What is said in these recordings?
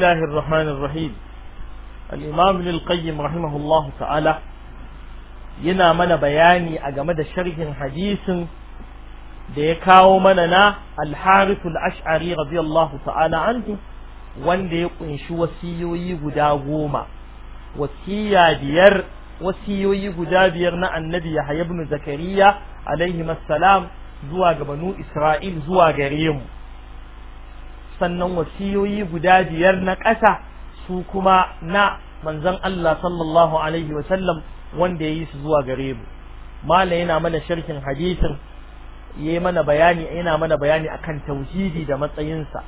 الله الرحمن الرحيم الإمام ابن القيم رحمه الله تعالى ينا من بياني أجمد شرح حديث ديكاو مننا الحارث الأشعري رضي الله تعالى عنه wanda ya kunshi wasiyoyi guda goma wasiya biyar wasiyoyi guda biyar na annabi Yahya ibn Zakariya alaihi salam zuwa ga banu Isra'il zuwa gare mu sannan wasiyoyi guda biyar na ƙasa su kuma na manzon Allah sallallahu alaihi wa sallam wanda yayi su zuwa gare mu mala yana mana sharhin hadisin yayi mana bayani yana mana bayani akan tauhidi da matsayinsa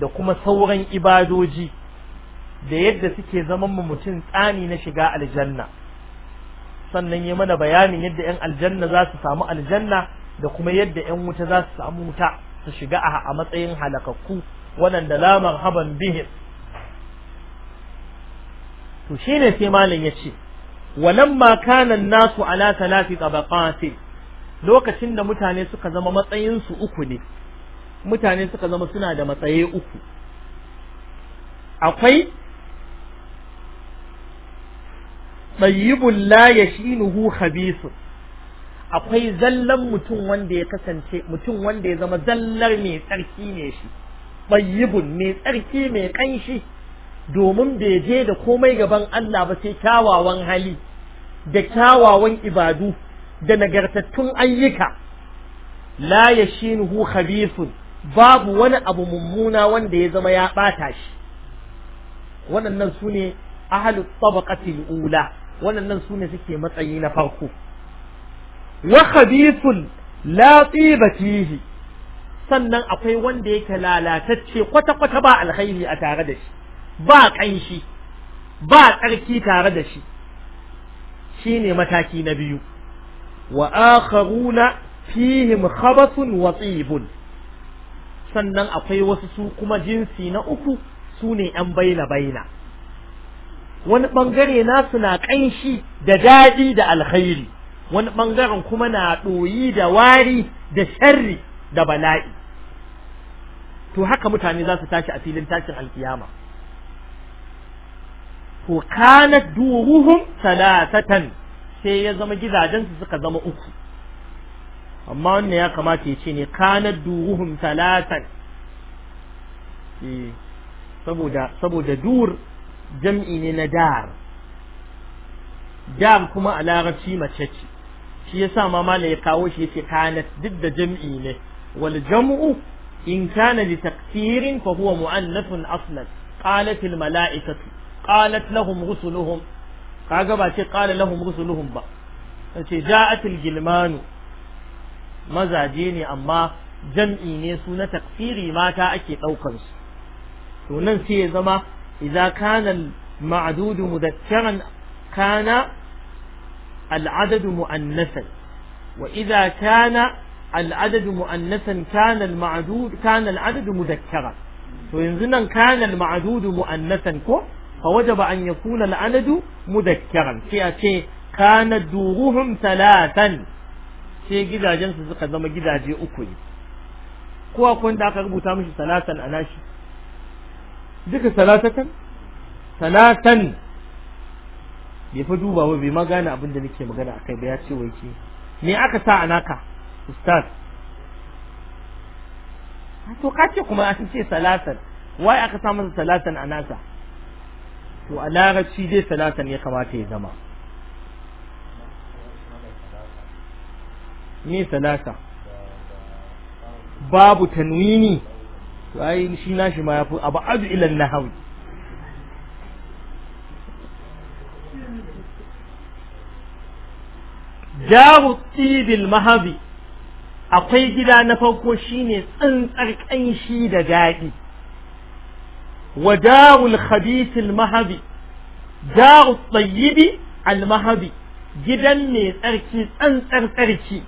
da kuma sauran ibadoji da yadda suke zaman mu mutum tsani na shiga aljanna sannan ya mana bayanin yadda 'yan aljanna za su samu aljanna da kuma yadda 'yan wuta za su samu wuta su shiga a matsayin halakakku waɗanda lamar haban bihin. to sai malam ya ce walamma kana nasu ala talati tabaqati lokacin da mutane suka zama matsayin su uku ne mutane suka zama suna da matsaye uku akwai tayyibul la yashinuhu khabisun akwai zallan mutum wanda ya kasance mutum wanda ya zama zallar mai tsarki ne shi bayyibun mai tsarki mai kanshi domin bai je da komai gaban Allah ba sai kyawawan hali da kyawawan ibadu da nagartattun ayyuka la yashinuhu khabithun babu wani abu mummuna wanda ya zama ya bata shi waɗannan su ne ahalus tabaqatil ula waɗannan su ne suke matsayi na farko wa khabithun la tsiba sannan akwai wanda yake lalatacce kwata-kwata ba alkhairi a tare da shi ba ƙanshi ba tsarki tare da shi shine mataki na biyu wa akharuna fihim khabathun wa tsibun sannan akwai wasu su kuma jinsi na uku su ne yan baina-baina wani ɓangare nasu na ƙanshi da daɗi da alkhairi wani ɓangaren kuma na ɗoyi da wari da sharri da bala'i to haka mutane za su tashi a filin tashin alkiyama to kana duruhum salasatan sai ya zama gidajensu suka zama uku amma wannan ya kamata ya ce ne kanat duruhum salatan eh, saboda saboda dur jam'i ne na dar dar kuma a larabci mace ce shi yasa ma mala ya kawo shi yace kanat duk da jam'i ne wal jam'u in kana li taqsirin fa huwa mu'annathun aslan qalat al mala'ikatu qalat lahum rusuluhum kaga ba ce qala lahum rusuluhum ba ce ja'at al gilmanu mazaje ne amma jam'i ne su na mata ake daukar su to nan sai ya zama idza kana al ma'dudu mudakkaran kana العدد مؤنثا وإذا كان العدد مؤنثا كان المعدود كان العدد مذكرا وينزل كان المعدود مؤنثا كو فوجب أن يكون العدد مذكرا في كانت دوغهم ثلاثا sai gidajensu suka zama gidaje uku ne kowa kun da aka rubuta mishi salatan a nashi duka salatatan salatan bai fa duba ba bai ma gane abin da nake magana akai ba ya ce wai ke me aka sa a naka ustaz ah, to ka ce kuma an ce salatan wai aka sa masa salatan a nasa to a shi dai salatan ya kamata ya zama ni salata babu tanwini to ai shi nashi ma yafi abu adu ila nahawi jaru tibil mahabi akwai gida na farko shine tsantsar kanshi da daɗi wa darul khabith al mahabi daru al mahabi gidan mai tsarki tsantsar tsarki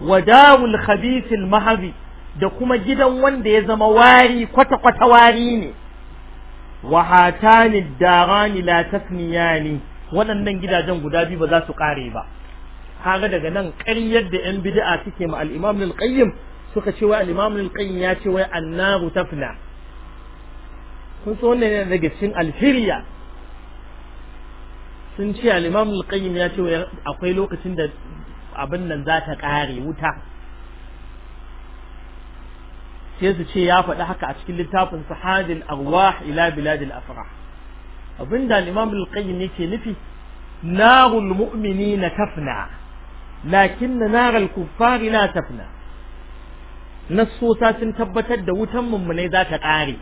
wa darul khabith mahabi da kuma gidan wanda ya zama wari kwata kwata wari ne wa darani la tasniyani waɗannan gidajen guda biyu ba za su ƙare ba kaga daga nan ƙaryar da yan bid'a suke ma al-Imam suka ce wai al-Imam ya ce wai annaru tafna kun so wannan yana daga cikin alhiriya sun ce al-Imam ya ce akwai lokacin da abin nan za ta ƙare wuta sai su ce ya faɗi haka a cikin littafin su hadin arwah ila biladil afrah abinda al-Imam al-Qayyim yake nufi narul na tafna lakin nar al-kuffari la tafna nassosa sun tabbatar da wutan mummunai za ta ƙare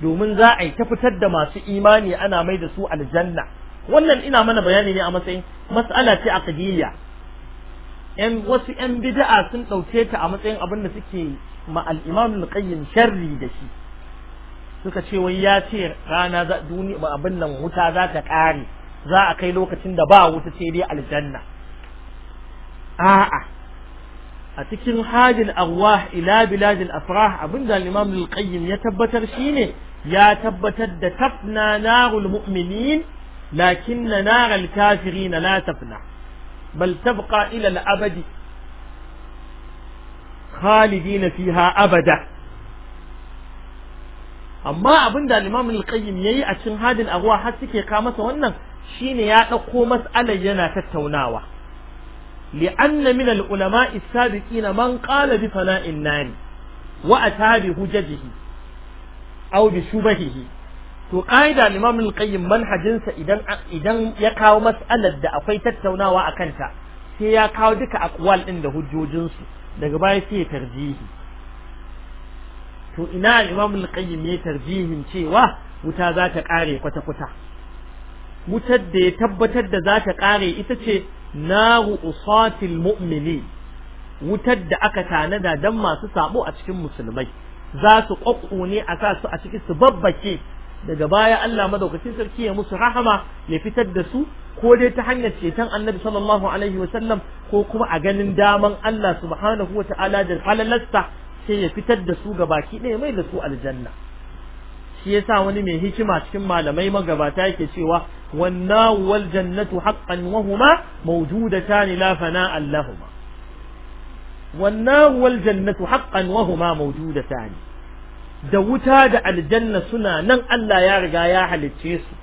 domin za a yi ta fitar da masu imani ana mai da su aljanna wannan ina mana bayani ne a matsayin mas'ala ce aqdiyya yan wasu yan bid'a sun ɗauke ta a matsayin abin da suke ma al qayyim sharri da shi suka ce wai ya ce rana za duniya abin nan wuta za ta ƙare za a kai lokacin da ba wuta sai dai aljanna a'a a cikin hajjil arwah ila biladil afrah abinda al-imam al-qayyim ya tabbatar shine ya tabbatar da tafna narul mu'minin lakinna naral kafirin la tafna bal tabqa ila al-abadi khalidina fiha abada amma abinda al-imam al-qayyim yayi a cikin hajjil arwah har suke kama masa wannan shine ya dauko mas'alar yana tattaunawa لأن من العلماء السابقين من قال بفناء النار وأتى بهججه أو بشبهه to ƙa'ida Imam al-Qayyim manhajinsa idan idan ya kawo mas'alar da akwai tattaunawa a kanta sai ya kawo duka aqwal din da hujjojin su daga baya sai ya tarjihi to ina Imam al-Qayyim ya tarjihin cewa wuta za ta kare kwata kwata wutar da ya tabbatar da za ta kare ita ce naru usatil mu'mini wutar da aka tanada dan masu sabo a cikin musulmai za su ne a sa su a cikin su babbake daga baya Allah madaukakin sarki ya musu rahama ya fitar da su ko dai ta hanyar ceton Annabi sallallahu alaihi wa sallam ko kuma a ganin daman Allah subhanahu wa ta'ala da halalasta sai ya fitar da su ga baki ɗaya mai da su aljanna shi yasa wani mai hikima cikin malamai magabata yake cewa wannan wal jannatu haqqan wa huma mawjudatan la fana allahuma wannan wal jannatu haqqan wa huma mawjudatan da wuta da aljanna suna nan Allah ya riga ya halicce su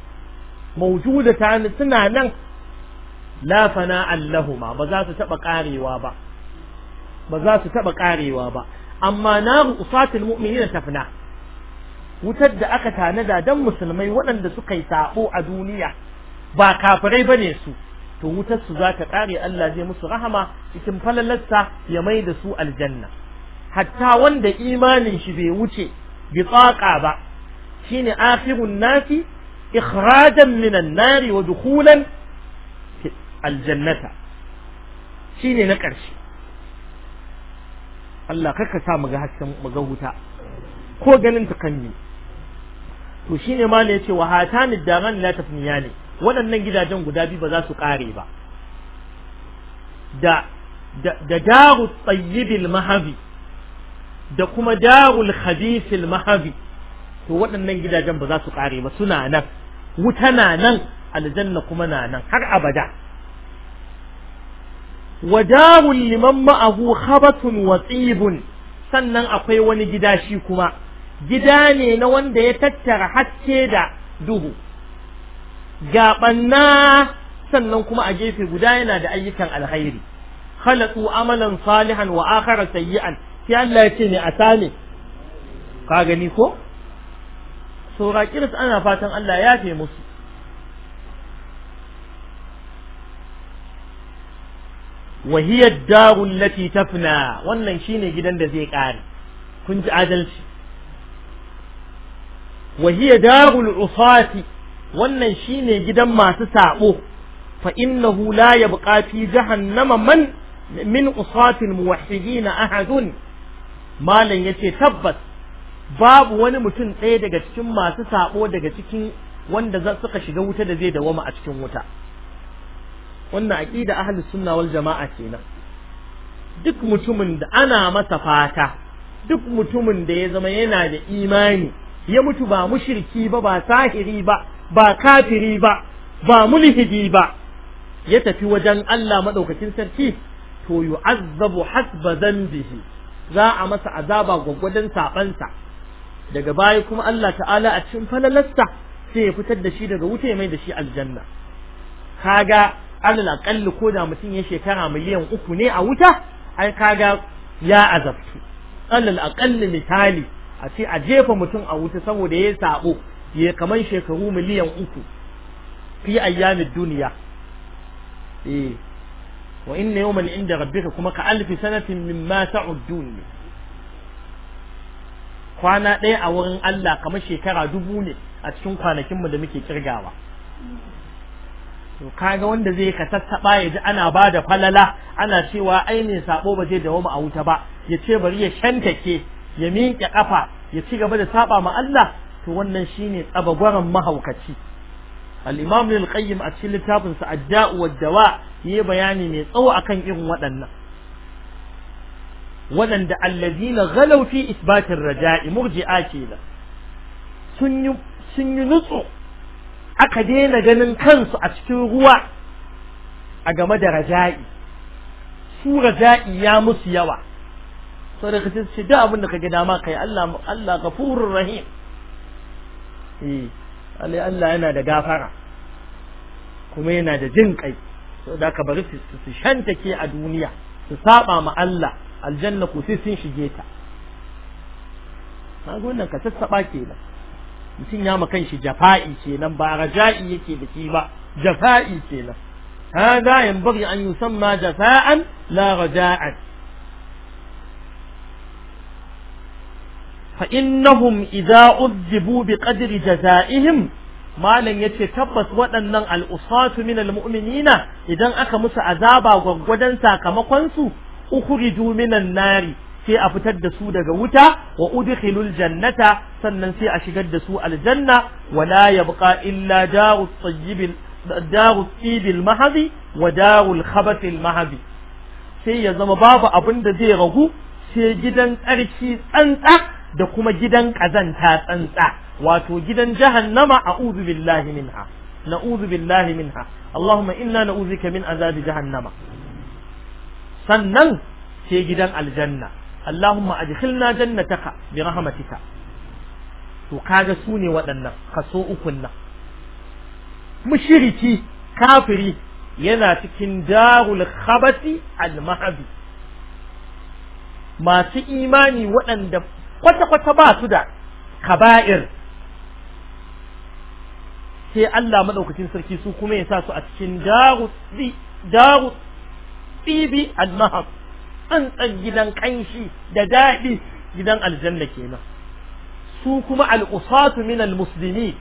mawjudatan suna nan la fana allahuma ba za su taba karewa ba ba za su taba karewa ba amma naru usatul mu'minina tafna wutar da aka tanada dan musulmai waɗanda suka yi sabo a duniya ba kafirai bane su to wutar su zata kare Allah zai musu rahama cikin falalarsa ya mai da su aljanna hatta wanda imanin shi bai wuce bi tsaqa ba shine akhirun nasi ikhrajan minan nari wa dukhulan aljannata shine na ƙarshe Allah ka sa mu ga hasken mu ga wuta ko ganin ta kan to shine ma ne ce wa hatani daran la ne waɗannan gidajen guda biyu ba za su kare ba da da daru tsayyibil mahabi da kuma darul khabisil mahabi to waɗannan gidajen ba za su kare ba suna nan wuta na nan aljanna kuma na nan har abada wa darul liman ma'ahu khabatun wa sannan akwai wani gida shi kuma gida ne na wanda ya tattara haske da duhu gaɓanna sannan kuma a gefe guda yana da ayyukan alhairi khalaqu amalan salihan wa akhara sayyi'an sai Allah ya ce ne a same ka gani ko saura kiris ana fatan Allah ya fe musu wa hiya ad-daru allati tafna wannan shine gidan da zai kare kun ji adalci wa hiya darul wannan shine gidan masu sabo fa innahu la yabqa fi jahannama man min usatil muwahhidin Malam malan yace tabbas babu wani mutum ɗaya daga cikin masu sabo daga cikin wanda za suka shiga wuta da zai dawama a cikin wuta wannan aqida ahlus sunna wal jama'a kenan duk mutumin da ana masa fata duk mutumin da ya zama yana da imani ya mutu ba mushriki ba ba sahiri ba ba kafiri ba ba mulhidi ba ya tafi wajen Allah madaukakin sarki to yu'azzabu hasba dhanbihi za a masa azaba gwaggwadon sabansa daga baya kuma Allah ta'ala a cikin falalasta sai ya fitar da shi daga wuta ya mai da shi aljanna kaga alal aqalli ko da mutum ya shekara miliyan uku ne a wuta ai kaga ya azabtu alal aqalli misali a ce a jefa mutum a wuta saboda ya sabo ya kaman shekaru miliyan uku fi ayyamin duniya eh wa inna yawman inda rabbika kuma ka alfi sanatin mimma ta'uddun kwana ɗaya a wurin Allah kamar shekara dubu ne a cikin kwanakinmu da muke kirgawa to kaga wanda zai ka sassaɓa ya ji ana ba da falala ana cewa ai ne sabo ba zai dawo mu a wuta ba ya ce bari ya ke. ya miƙe ƙafa ya ci gaba da saba ma Allah to wannan shine tsabagwaran mahaukaci al-imam ibn qayyim a cikin littafin sa ad-da'u wad-dawa yayi bayani mai tsawo akan irin waɗannan waɗanda allazina ghalaw fi isbatir raja'i murji'a ke da sun yi sun yi nutsu aka daina ganin kansu a cikin ruwa a game da raja'i su raja'i ya musu yawa saboda ka ce da abin da ka ga dama kai Allah Allah ghafurur rahim eh Allah yana da gafara kuma yana da jin kai saboda ka bari su shanta ke a duniya su saba ma Allah aljanna ko sai sun shige ta kaga wannan ka sassaba kenan mutum ya makan shi jafa'i kenan ba raja'i yake da shi ba jafa'i kenan hada yanbaghi an yusamma jafa'an la raja'an فإنهم إذا أذبوا بقدر جزائهم malam yace tabbas waɗannan al'usatu min al'u'minina idan aka musu azaba gwaggwadon sakamakonsu ukhriju minan nari sai a fitar da su daga wuta wa udkhilul jannata sannan sai a shigar da su aljanna wala yabqa illa darut tayyib darut tibil mahadi wa darul khabath al sai ya zama babu abun da zai ragu sai gidan tsarki tsantsa da kuma gidan ƙazanta tsantsa wato gidan jahannama a'udhu billahi minha na'udhu billahi minha Allahumma inna na'udhuka min azabi jahannama sannan ce gidan aljanna Allahumma adkhilna jannataka bi rahmatika to kaga su ne waɗannan kaso ukun nan mushriki kafiri yana cikin darul khabati al mahabi masu imani waɗanda kwata-kwata ba su da kaba'ir sai Allah maɗaukacin sarki su kuma ya sa su a cikin daru tsibi al-mahab an tsan gidan kanshi da daɗi gidan aljanna kenan su kuma al-usatu min al-muslimi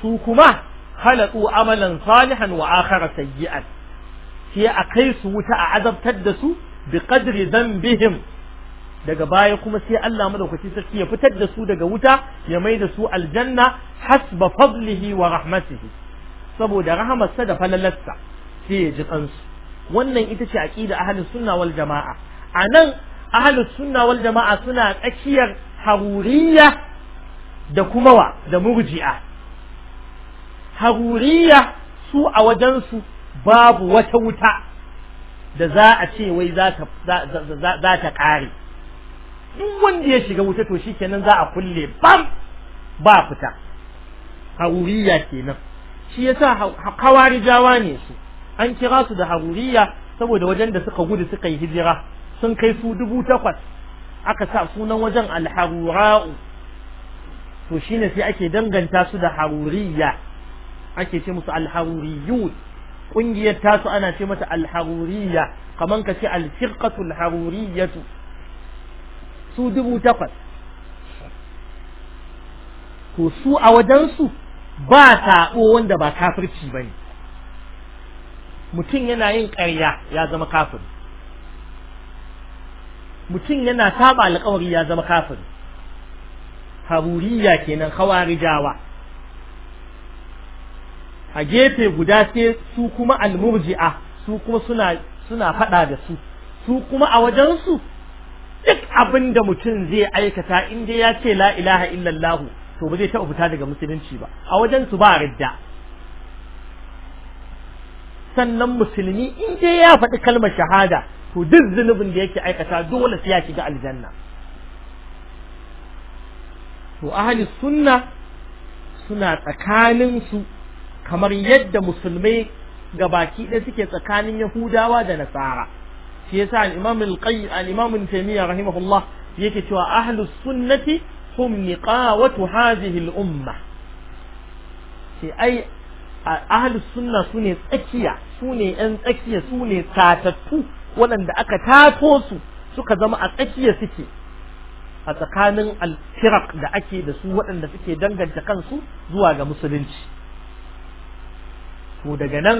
su kuma khalaqu amalan salihan wa akhara sayyi'an sai a kai su wuta a azabtar da su bi qadri dhanbihim daga baya kuma sai Allah madaukakin sarki ya fitar da su daga wuta ya mai da su aljanna hasba fadlihi wa rahmatihi saboda rahamarsa da falalarsa sai ya ji kansu wannan ita ce aqida ahlus sunna wal jamaa anan ahlus sunna wal jamaa suna tsakiyar haruriya da kuma wa da murji'a haruriya su a wajen su babu wata wuta da za a ce wai za ta ƙare duk wanda ya shiga wuta to shikenan za a kulle bam ba fita haruriya kenan shi yasa hawarijawa ne su an kira su da haruriya saboda wajen da suka gudu suka yi hijira sun kai su dubu takwas aka sa sunan wajen alharura'u to shine sai ake danganta su da haruriya ake ce musu alharuriyun kungiyar tasu ana ce mata alharuriya kamar ka ce alfirqatul haruriyatu su dubu takwas to su a wajensu ba saɓo wanda ba kafirci ba ne mutum yana yin ƙarya ya zama kafir mutum yana saba alƙawari ya zama kafir haruriya kenan jawa, a gefe guda sai su kuma almurji'a su kuma suna faɗa da su su kuma a wajensu abin da mutum zai aikata in dai ya ce la ilaha illallah to ba zai taɓa fita daga musulunci ba a wajen su ba ridda sannan musulmi in dai ya faɗi kalmar shahada to duk zunubin da yake aikata dole sai ya shiga aljanna to ahli sunna suna tsakanin su kamar yadda musulmai gabaki ɗaya suke tsakanin yahudawa da nasara shi yasa al-imam al-qayy al-imam taymiya rahimahullah yake cewa ahlus sunnati hum niqawatu hadhihi al-umma sai ai ahlus sunna sune tsakiya sune yan tsakiya sune tatattu waɗanda aka tato su suka zama a tsakiya suke a tsakanin al-firaq da ake da su waɗanda suke danganta kansu zuwa ga musulunci to daga nan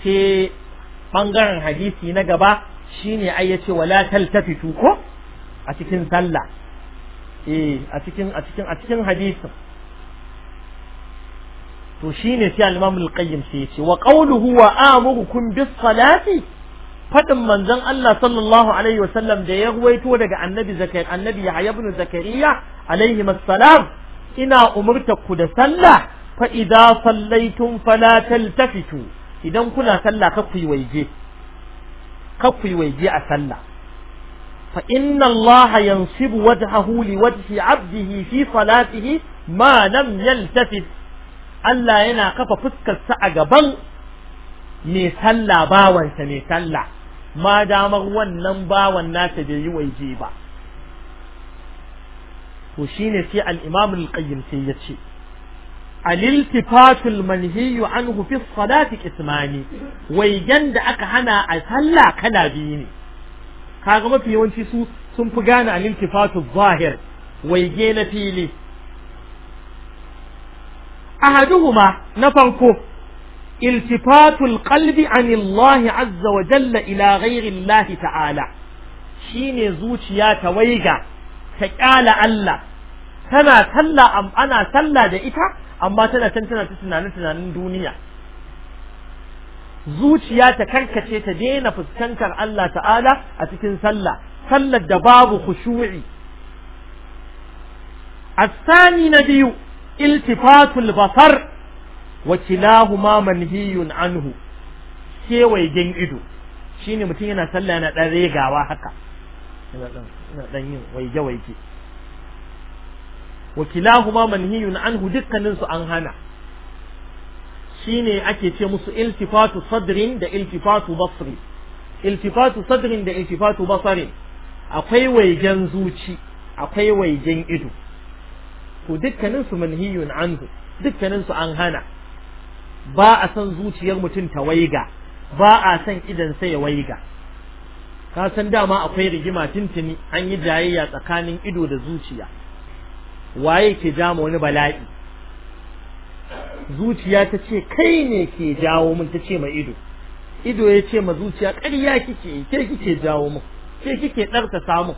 sai bangaren hadisi na gaba shine ai yace wala taltafitu ko a cikin sallah eh a cikin a cikin a cikin hadisin to shine sai al-Imam al-Qayyim sai yace wa qawluhu wa amurukum bis salati fadin manzon Allah sallallahu alaihi wa sallam da ya ruwaito daga annabi zakariya annabi Yahya ibn Zakariya alaihi assalam ina umurtaku da sallah fa idza sallaitum fala taltafitu idan kuna sallah ka ku yi waige ka ku yi waige a sallah fa inna Allah yansibu wajhahu li wajhi 'abdihi fi salatihi ma lam yaltafit Allah yana kafa fuskar sa a gaban Me sallah bawansa me sallah ma damar wannan bawan nasa bai yi waije ba to shine sai al-Imam al-Qayyim sai ya ce A aliltifatul manhiyu anhu fi salati qismani waigen da aka hana a sallah kala biyu ne kaga mafi yawanci su sun fi gane a aliltifatul zahir waige na fili ahaduhuma na farko iltifatul qalbi an Allah azza wa jalla ila ghairi ta'ala shine zuciya ta waiga ta kyala Allah tana sallah ana sallah da ita amma tana can ta tunanin tunanin duniya zuciya ta karkace ta daina fuskantar Allah ta'ala a cikin sallah sallar da babu khushu'i الثاني نبي التفات البصر وكلاهما منهي عنه kewaye gen ido shine mutum yana sallah yana dan regawa haka yana dan yin waige waige wakila kuma manhiyun anhu dukkanin su an hana shine ake ce musu iltifatu sadrin da iltifatu basri iltifatu sadrin da iltifatu basri akwai waigen zuci akwai waigen ido ku dukkanin su manhiyun anhu dukkanin su an hana ba a san zuciyar mutum ta waiga ba a san idan sai ya waiga ka san dama akwai rigima tintini an yi jayayya tsakanin ido da zuciya waye ke jama wani bala'i zuciya ta ce kai ne ke jawo mun ta ce ma ido ido ya ce ma zuciya ƙarya kike ke kike jawo mun ke kike ɗarta samu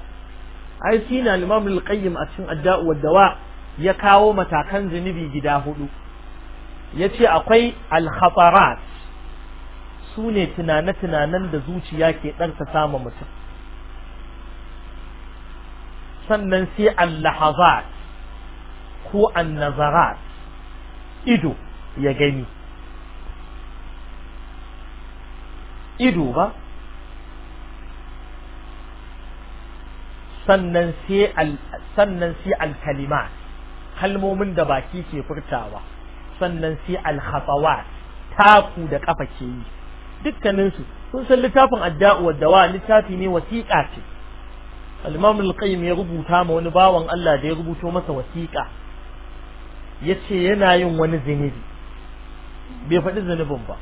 ai shi na limam al a cikin adda'u wa dawa ya kawo matakan zunubi gida hudu yace akwai al-khatarat su ne tunane-tunanen da zuciya ke ɗarta samu mutum sannan sai al ko annazarat ido ya gani ido ba sannan sai sannan sai alkalimat kalmomin da baki ke furtawa sannan sai alkhatawat taku da kafa ke yi dukkaninsu sun san littafin adda'u wa littafi ne wasiƙa ce al-imam al-qayyim ya rubuta ma wani bawan Allah da ya rubuto masa wasiƙa ya ce yana yin wani zunubi bai faɗi zunubin ba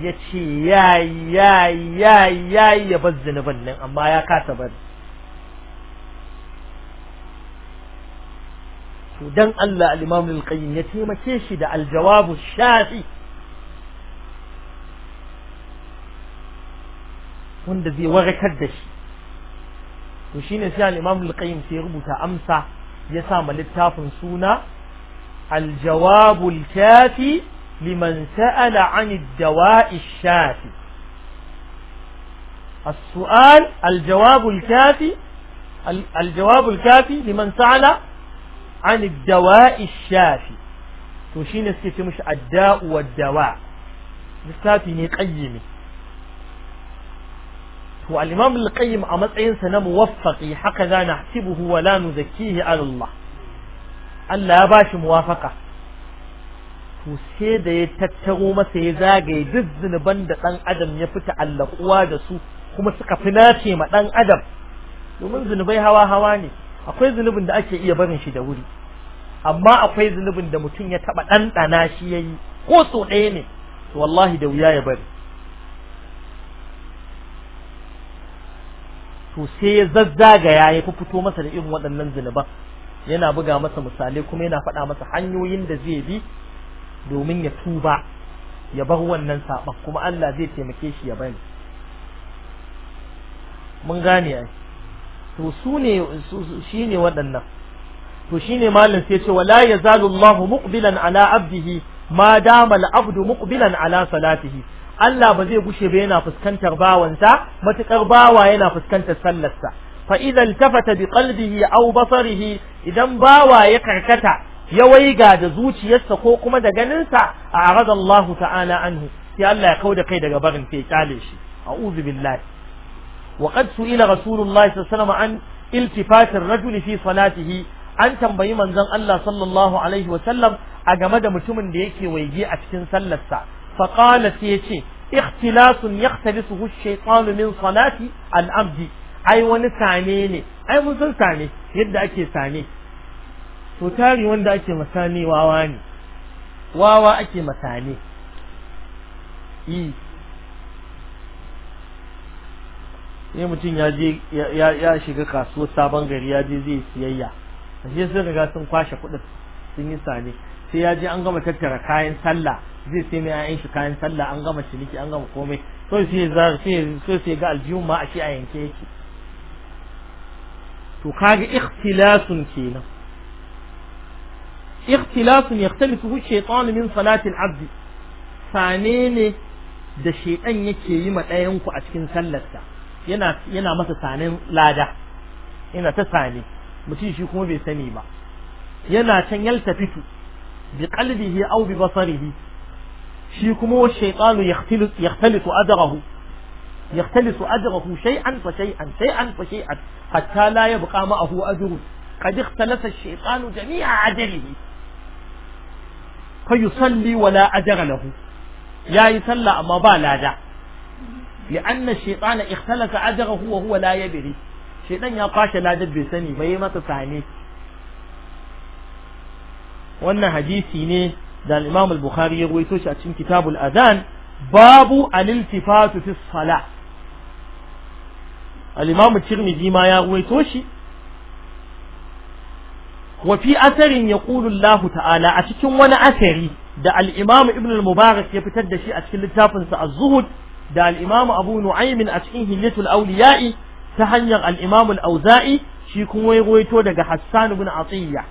ya ce ya ya ya ya ya bar zunubin nan amma ya kata bari to dan Allah al-Imam ya taimake shi da aljawabu shafi wanda zai warakar da shi to shine sai al-Imam sai rubuta amsa ya sa ma littafin suna الجواب الكافي لمن سأل عن الدواء الشافي السؤال الجواب الكافي الجواب الكافي لمن سأل عن الدواء الشافي توشين مش الداء والدواء الشافي نقيمه والإمام القيم أمسعين سنموفق حقذا نحسبه ولا نزكيه على الله Allah ya bashi muwafaka to sai da ya tattaro masa ya zagaye duk zunuban da dan adam ya fita allakuwa da su kuma suka fi nace ma dan adam domin zunubai hawa hawa ne akwai zunubin da ake iya barin shi da wuri amma akwai zunubin da mutum ya taba ɗanɗana shi yayi ko so ɗaya ne to wallahi da wuya ya bari to sai ya zazzaga ya fi fito masa da irin waɗannan zunuban yana buga masa misalai kuma yana faɗa masa hanyoyin da zai bi domin ya tuba ya bar wannan saɓan kuma Allah zai taimake shi ya bani mun gane ai to su ne shi ne waɗannan to shi ne malin sai ce wala ya zalu Allah muqbilan ala abdihi ma dama al-abdu muqbilan ala salatihi Allah ba zai gushe ba yana fuskantar bawansa matukar bawa yana fuskantar sallarsa fa idza iltafata bi qalbihi aw basarihi idan bawa ya karkata ya waiga da zuciyarsa ko kuma da ganinsa a arada ta'ala anhu sai Allah ya kauda kai daga barin sai kyale shi a'udhu billahi wa qad su'ila rasulullahi sallallahu alaihi wasallam an iltifati ar-rajuli fi salatihi an tambayi manzon Allah sallallahu alaihi wasallam a game da mutumin da yake waige a cikin sallarsa fa qala sai yace ikhtilasun yahtalisuhu ash-shaytanu min salati al-abdi ai wani sane ne ai mun san sane yadda ake sane to tari wanda ake masane wawa ne wawa ake masane e. i ne mutum ya je ya shiga kasuwar sabon gari ya je zai siyayya a ashe sun riga sun kwashe kuɗin sun yi sane sai ya je an gama tattara kayan sallah zai sai mai ayyanshi shi kayan sallah an gama ciniki an gama komai so sai ya ga aljihun ma a shi a yanke yake to kaga ikhtilasun kenan ikhtilasun yaktalifu shaytan min salati abd sane ne da shaytan yake yi ma ku a cikin sallarsa yana yana masa sanin lada ina ta sane mutum shi kuma bai sani ba yana can yaltafitu bi qalbihi aw bi basarihi shi kuma shaytanu yaktalifu adrahu يختلس أجره شيئا فشيئا شيئا فشيئا حتى لا يبقى معه أجر قد اختلس الشيطان جميع أجره فيصلي ولا أجر له يا يصلى أما بالا دا لأن الشيطان اختلس أجره وهو لا يدري شيطان يا لا دب بسني بيما تساني وأن hadisi ne da البخاري Al-Bukhari ya كتاب الأذان باب الالتفات في الصلاه al-imam tirmidhi ya ruwaito shi Wafi fi asarin yaqulu Allah ta'ala a cikin wani asari da al-imam mubarak ya fitar da shi a cikin littafin sa da al-imam abu nu'aym a cikin hillatul Auliya'i ta hanyar alimamul imam auzai shi kuma ya ruwaito daga hassan ibn Atsiyya.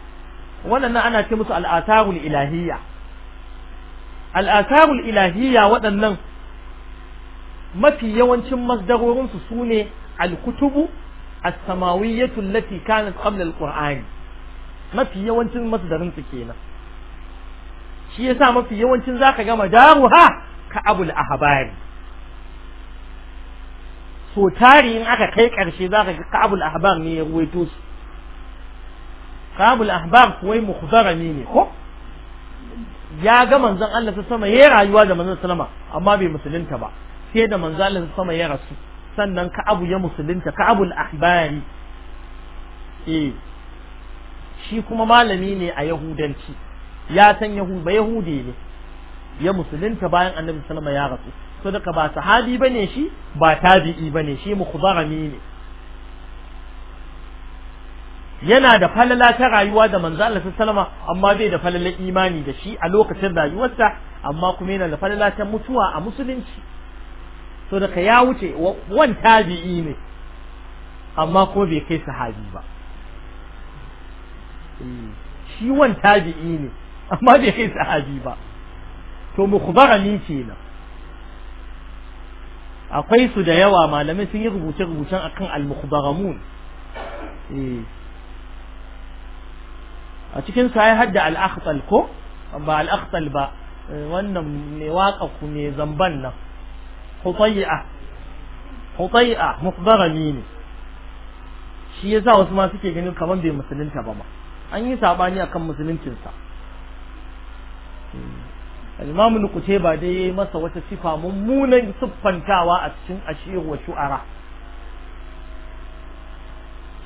wannan ana ce musu al-atharul ilahiyya al ilahiyya waɗannan mafi yawancin masdarorinsu su ne alkutubu a samawiyyatu allati kanat qabla al-qur'ani mafi yawancin masdarinsu kenan shi yasa mafi yawancin zaka ga madaruha ka abul ahbari so tari in aka kai karshe zaka ga kabul ahbar ne ya ruwaito su kabul ahbar kuwa mukhbarami ne ko ya ga manzon Allah ta sama yayi rayuwa da manzon sallama amma bai musulunta ba sai da manzalin sama ya rasu sannan ka abu ya musulunta ka'abul ahbari E, eh, shi kuma malami ne a yahudanci ya san ba Yahude ne ya musulunta bayan annabi sallama ya rasu so daga ba sahabi ne shi ba tabi'i ne shi mukhbarami ne yana da falala ta rayuwa da manzo Allah sallama amma bai da falalar imani da shi a lokacin rayuwarsa amma kuma yana da falala ta mutuwa a musulunci so ya wuce wan tabi'i ne amma ko bai kai sahabi ba eh, shi wan tabi'i ne amma bai kai sahabi ba to mukhbarani kenan akwai su da yawa malamai sun yi rubuce-rubucen akan al-mukhbaramun eh. a cikin su ai hadda al-akhtal ko ba al-akhtal ba eh, wannan ne waka ku ne zamban nan hutai'a hutai'a mukbarami ne shi yasa wasu ma suke ganin kamar bai musulunta ba ma an yi sabani akan musuluncinsa al-imamu nukuce ba dai yayi masa wata sifa mummunan siffantawa a cikin ashir wa shu'ara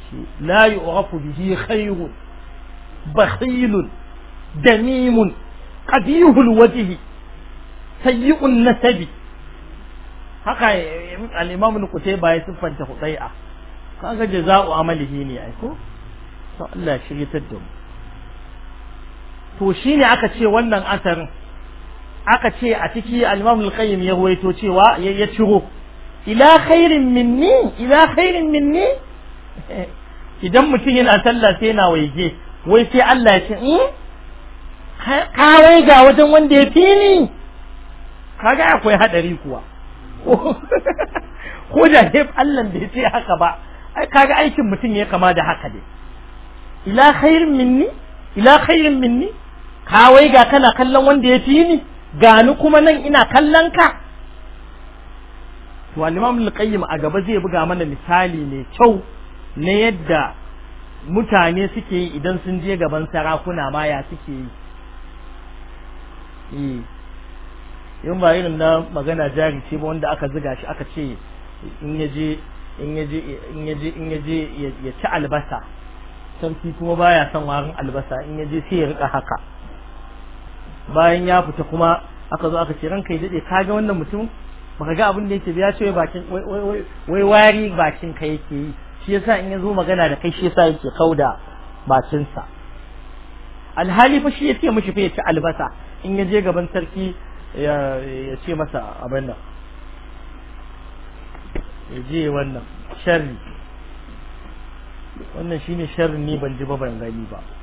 shi la yu'rafu bihi khayrun bakhilun damimun qabihul wajhi sayyi'un nasabi haka al-imam al-qutayba ya siffanta hudai'a kaga jaza'u amalihi ne ai ko to Allah shirya ta da to ne aka ce wannan asarin aka ce a ciki al-imam al-qayyim ya ruwaito cewa ya ciro ila khairin minni ila khairin minni idan mutum yana sallah sai yana waige wai sai Allah ya ce in eh, ka waiga wajen wanda ya fi ni kaga akwai hadari kuwa ko da hef allahn bai ce haka ba ai kaga aikin mutum ya kama da haka dai ila khairin minni ila khairin minni kawai ga kana kallan wanda ya fi ni gani kuma nan ina kallan ka to al-imam a gaba zai buga mana misali ne kyau na yadda mutane suke yi idan sun je gaban sarakuna ma ya suke yi eh. in ba irin na magana jari ce ba wanda aka ziga shi aka ce in yaje in yaje in yaje in yaje ya ci albasa sarki kuma baya son warin albasa in yaje sai ya rika haka bayan ya fita kuma aka zo aka ce ranka ya dade ka ga wannan mutum baka ga abin da yake ya ce bakin wai wari bakin ka yake yi shi yasa in ya zo magana da kai shi yasa yake kauda bakinsa alhali fa shi yake mishi fa ya ci albasa in ya je gaban sarki ya ce masa abin nan ya je wannan sharri wannan shine sharri ne ban ji ba ban gani ba